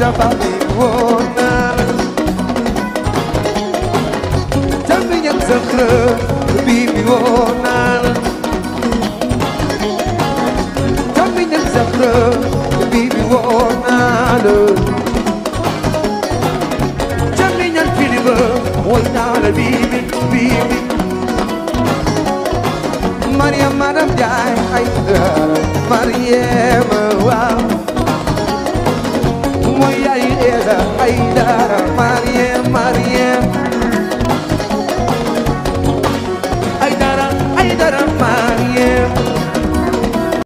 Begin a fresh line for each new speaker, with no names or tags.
dabali
wona tambiñam sëxrë bibi wona
tambiñam sëxrë bibi wona le
tambiñam filiba wona le bibi bibi Mariam madam jaay ay Mariam
ayda ayda